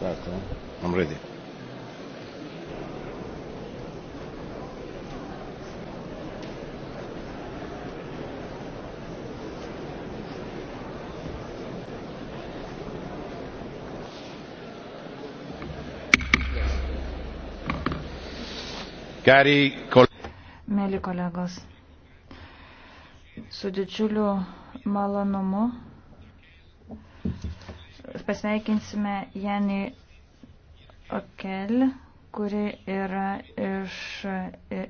start, huh? I'm ready. Mėly kolegos, su didžiuliu malonumu pasveikinsime Janį Okel, kuri yra iš